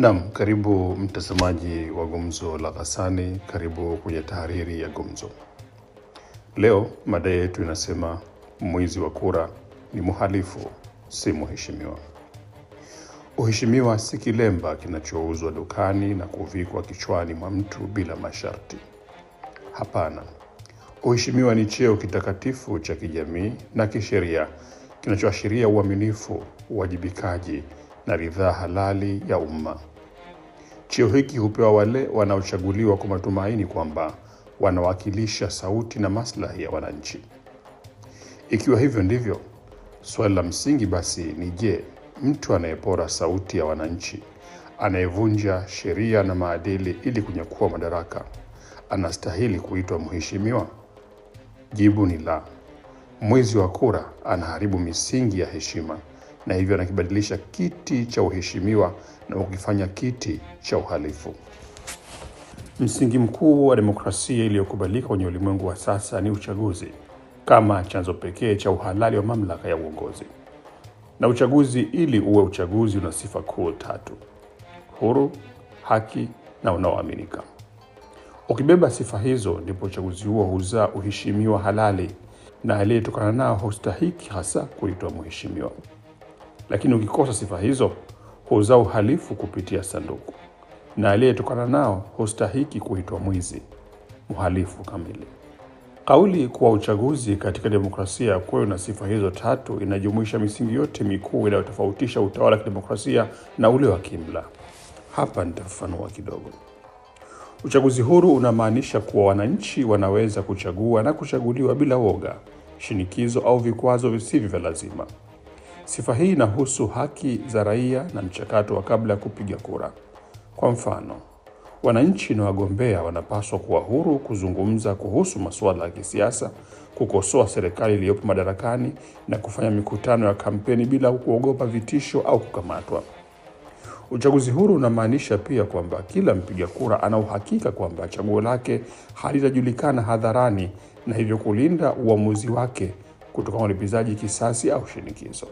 Naam, karibu mtazamaji wa Gumzo la Ghassani, karibu kwenye tahariri ya Gumzo. Leo mada yetu inasema mwizi wa kura ni mhalifu, si mheshimiwa. Uheshimiwa si kilemba kinachouzwa dukani na kuvikwa kichwani mwa mtu bila masharti. Hapana, uheshimiwa ni cheo kitakatifu cha kijamii na kisheria kinachoashiria uaminifu, uwajibikaji na ridhaa halali ya umma. Cheo hiki hupewa wale wanaochaguliwa kwa matumaini kwamba wanawakilisha sauti na maslahi ya wananchi. Ikiwa hivyo ndivyo, swali la msingi basi ni je, mtu anayepora sauti ya wananchi, anayevunja sheria na maadili ili kunyakua madaraka, anastahili kuitwa mheshimiwa? Jibu ni la. Mwizi wa kura anaharibu misingi ya heshima na hivyo anakibadilisha kiti cha uheshimiwa na kukifanya kiti cha uhalifu. Msingi mkuu wa demokrasia iliyokubalika kwenye ulimwengu wa sasa ni uchaguzi kama chanzo pekee cha uhalali wa mamlaka ya uongozi. Na uchaguzi ili uwe uchaguzi una sifa kuu tatu: huru, haki na unaoaminika. Ukibeba sifa hizo, ndipo uchaguzi huo huzaa uheshimiwa halali, na aliyetokana nao hustahiki hasa kuitwa mheshimiwa. Lakini ukikosa sifa hizo, huzaa uhalifu kupitia sanduku, na aliyetokana nao hustahiki kuitwa mwizi, mhalifu kamili. Kauli kuwa uchaguzi katika demokrasia kuwe na sifa hizo tatu inajumuisha misingi yote mikuu inayotofautisha utawala wa kidemokrasia na ule wa kimla Hapa nitafafanua kidogo. Uchaguzi huru unamaanisha kuwa wananchi wanaweza kuchagua na kuchaguliwa bila woga, shinikizo au vikwazo visivyo vya lazima. Sifa hii inahusu haki za raia na mchakato wa kabla ya kupiga kura. Kwa mfano, wananchi na wagombea wanapaswa kuwa huru kuzungumza kuhusu masuala ya kisiasa, kukosoa serikali iliyopo madarakani na kufanya mikutano ya kampeni bila kuogopa vitisho au kukamatwa. Uchaguzi huru unamaanisha pia kwamba kila mpiga kura ana uhakika kwamba chaguo lake halitajulikana hadharani na hivyo kulinda uamuzi wake kutokana ulipizaji kisasi au shinikizo.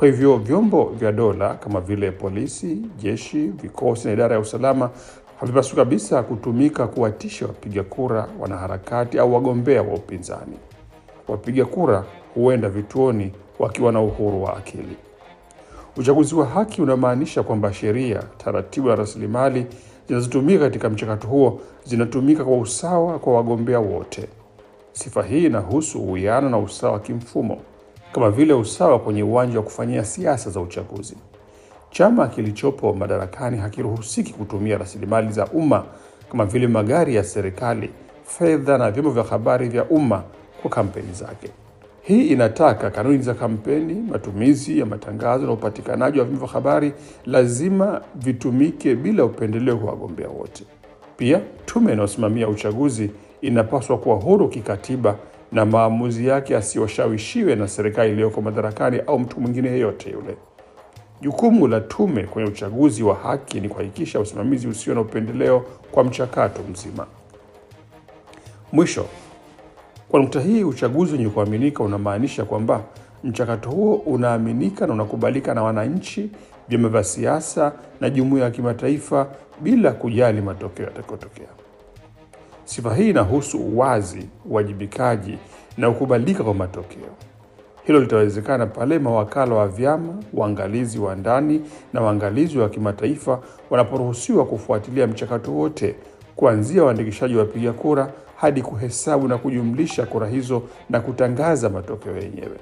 Kwa hivyo vyombo vya dola kama vile polisi, jeshi, vikosi na idara ya usalama havipaswi kabisa kutumika kuwatisha wapiga kura, wanaharakati au wagombea wa upinzani. Wapiga kura huenda vituoni wakiwa na uhuru wa akili. Uchaguzi wa haki unamaanisha kwamba sheria, taratibu na rasilimali zinazotumika katika mchakato huo zinatumika kwa usawa kwa wagombea wote. Sifa hii inahusu uwiano na usawa wa kimfumo kama vile usawa kwenye uwanja wa kufanyia siasa za uchaguzi. Chama kilichopo madarakani hakiruhusiki kutumia rasilimali za umma kama vile magari ya serikali, fedha na vyombo vya habari vya umma kwa kampeni zake. Hii inataka kanuni za kampeni, matumizi ya matangazo na upatikanaji wa vyombo vya habari lazima vitumike bila upendeleo kwa wagombea wote. Pia tume inayosimamia uchaguzi inapaswa kuwa huru kikatiba na maamuzi yake asiwashawishiwe na serikali iliyoko madarakani au mtu mwingine yeyote yule. Jukumu la tume kwenye uchaguzi wa haki ni kuhakikisha usimamizi usio na upendeleo kwa mchakato mzima. Mwisho, kwa nukta hii, uchaguzi wenye kuaminika unamaanisha kwamba mchakato huo unaaminika na unakubalika na wananchi, vyama vya siasa na jumuiya ya kimataifa bila kujali matokeo yatakayotokea. Sifa hii inahusu uwazi, uwajibikaji na ukubalika kwa matokeo. Hilo litawezekana pale mawakala wa vyama, waangalizi wa ndani na waangalizi wa kimataifa wanaporuhusiwa kufuatilia mchakato wote, kuanzia waandikishaji wa wapiga kura hadi kuhesabu na kujumlisha kura hizo na kutangaza matokeo yenyewe.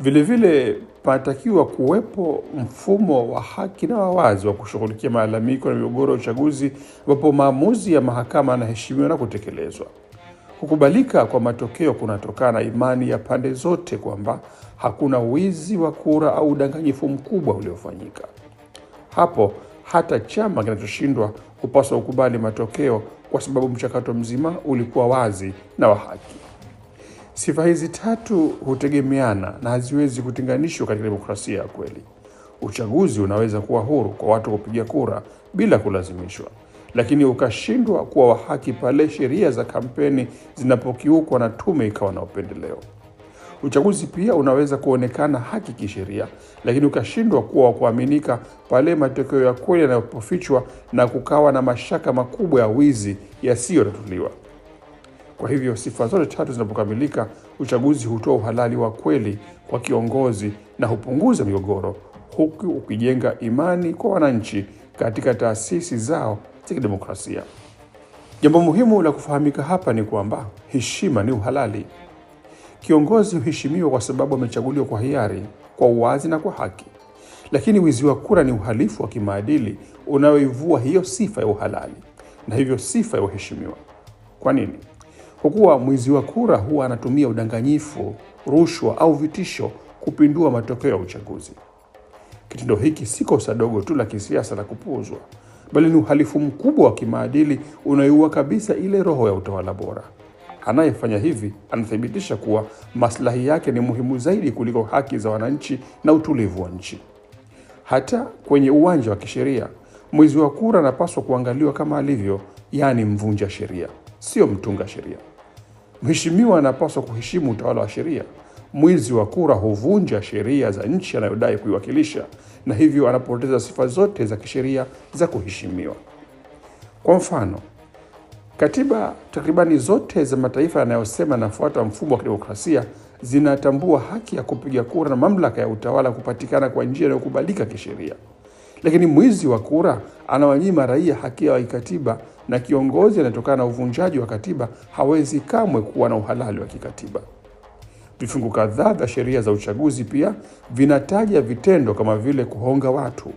Vilevile panatakiwa kuwepo mfumo wa haki na wawazi wa kushughulikia malalamiko na migogoro ya uchaguzi, ambapo maamuzi ya mahakama yanaheshimiwa na kutekelezwa. Kukubalika kwa matokeo kunatokana na imani ya pande zote kwamba hakuna wizi wa kura au udanganyifu mkubwa uliofanyika. Hapo hata chama kinachoshindwa hupaswa kukubali matokeo, kwa sababu mchakato mzima ulikuwa wazi na wa haki. Sifa hizi tatu hutegemeana na haziwezi kutenganishwa katika demokrasia ya kweli. Uchaguzi unaweza kuwa huru kwa watu kupiga kura bila kulazimishwa, lakini ukashindwa kuwa wa haki pale sheria za kampeni zinapokiukwa na tume ikawa na upendeleo. Uchaguzi pia unaweza kuonekana haki kisheria, lakini ukashindwa kuwa wa kuaminika pale matokeo ya kweli yanapofichwa na kukawa na mashaka makubwa ya wizi yasiyotatuliwa. Kwa hivyo sifa zote tatu zinapokamilika, uchaguzi hutoa uhalali wa kweli kwa kiongozi na hupunguza migogoro, huku ukijenga imani kwa wananchi katika taasisi zao za kidemokrasia. Jambo muhimu la kufahamika hapa ni kwamba heshima ni uhalali. Kiongozi huheshimiwa kwa sababu amechaguliwa kwa hiari, kwa uwazi na kwa haki. Lakini wizi wa kura ni uhalifu wa kimaadili unaoivua hiyo sifa ya uhalali na hivyo sifa ya uheshimiwa. Kwa nini? Kwa kuwa mwizi wa kura huwa anatumia udanganyifu, rushwa au vitisho kupindua matokeo ya uchaguzi. Kitendo hiki si kosa dogo tu la kisiasa la kupuuzwa, bali ni uhalifu mkubwa wa kimaadili unaoua kabisa ile roho ya utawala bora. Anayefanya hivi anathibitisha kuwa maslahi yake ni muhimu zaidi kuliko haki za wananchi na utulivu wa nchi. Hata kwenye uwanja wa kisheria, mwizi wa kura anapaswa kuangaliwa kama alivyo, yaani mvunja sheria sio mtunga sheria. Mheshimiwa anapaswa kuheshimu utawala wa sheria. Mwizi wa kura huvunja sheria za nchi anayodai kuiwakilisha, na hivyo anapoteza sifa zote za kisheria za kuheshimiwa. Kwa mfano, katiba takribani zote za mataifa yanayosema yanafuata mfumo wa kidemokrasia zinatambua haki ya kupiga kura na mamlaka ya utawala kupatikana kwa njia inayokubalika kisheria, lakini mwizi wa kura anawanyima raia haki yao ya kikatiba na kiongozi anayetokana na uvunjaji wa katiba hawezi kamwe kuwa na uhalali wa kikatiba. Vifungu kadhaa vya sheria za uchaguzi pia vinataja vitendo kama vile kuhonga watu,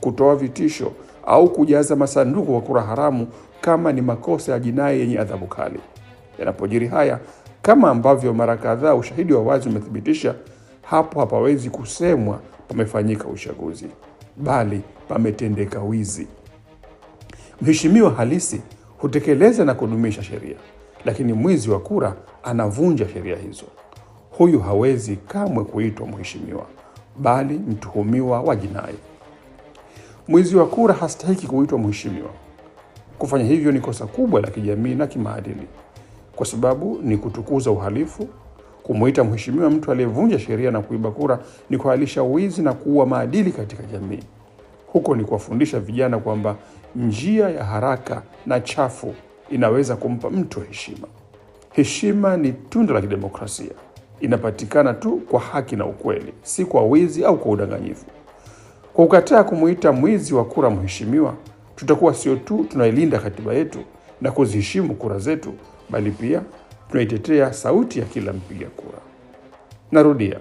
kutoa vitisho au kujaza masanduku kwa kura haramu kama ni makosa ya jinai yenye adhabu kali. Yanapojiri haya, kama ambavyo mara kadhaa ushahidi wa wazi umethibitisha, hapo hapawezi kusemwa pamefanyika uchaguzi, bali pametendeka wizi. Mheshimiwa halisi hutekeleza na kudumisha sheria, lakini mwizi wa kura anavunja sheria hizo. Huyu hawezi kamwe kuitwa mheshimiwa, bali mtuhumiwa wa jinai. Mwizi wa kura hastahiki kuitwa mheshimiwa. Kufanya hivyo ni kosa kubwa la kijamii na kimaadili, kwa sababu ni kutukuza uhalifu. Kumwita mheshimiwa mtu aliyevunja sheria na kuiba kura ni kuhalisha wizi na kuua maadili katika jamii. Huko ni kuwafundisha vijana kwamba njia ya haraka na chafu inaweza kumpa mtu heshima. Heshima ni tunda la kidemokrasia, inapatikana tu kwa haki na ukweli, si kwa wizi au kwa udanganyifu. Kwa kukataa kumuita mwizi wa kura mheshimiwa, tutakuwa sio tu tunailinda katiba yetu na kuziheshimu kura zetu, bali pia tunaitetea sauti ya kila mpiga kura. Narudia,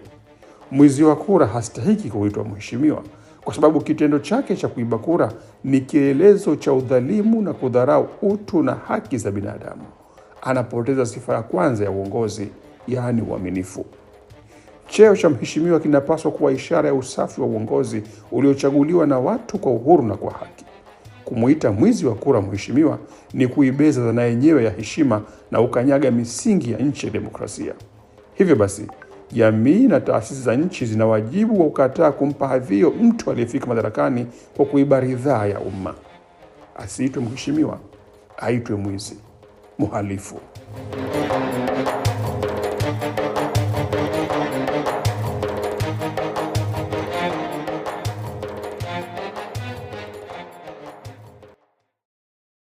mwizi wa kura hastahiki kuitwa mheshimiwa kwa sababu kitendo chake cha kuiba kura ni kielezo cha udhalimu na kudharau utu na haki za binadamu. Anapoteza sifa ya kwanza ya uongozi, yaani uaminifu. Cheo cha mheshimiwa kinapaswa kuwa ishara ya usafi wa uongozi uliochaguliwa na watu kwa uhuru na kwa haki. Kumuita mwizi wa kura mheshimiwa ni kuibeza dhana yenyewe ya heshima na ukanyaga misingi ya nchi ya demokrasia. Hivyo basi jamii na taasisi za nchi zina wajibu wa kukataa kumpa hadhio mtu aliyefika madarakani kwa kuiba ridhaa ya umma. Asiitwe mheshimiwa, aitwe mwizi, mhalifu.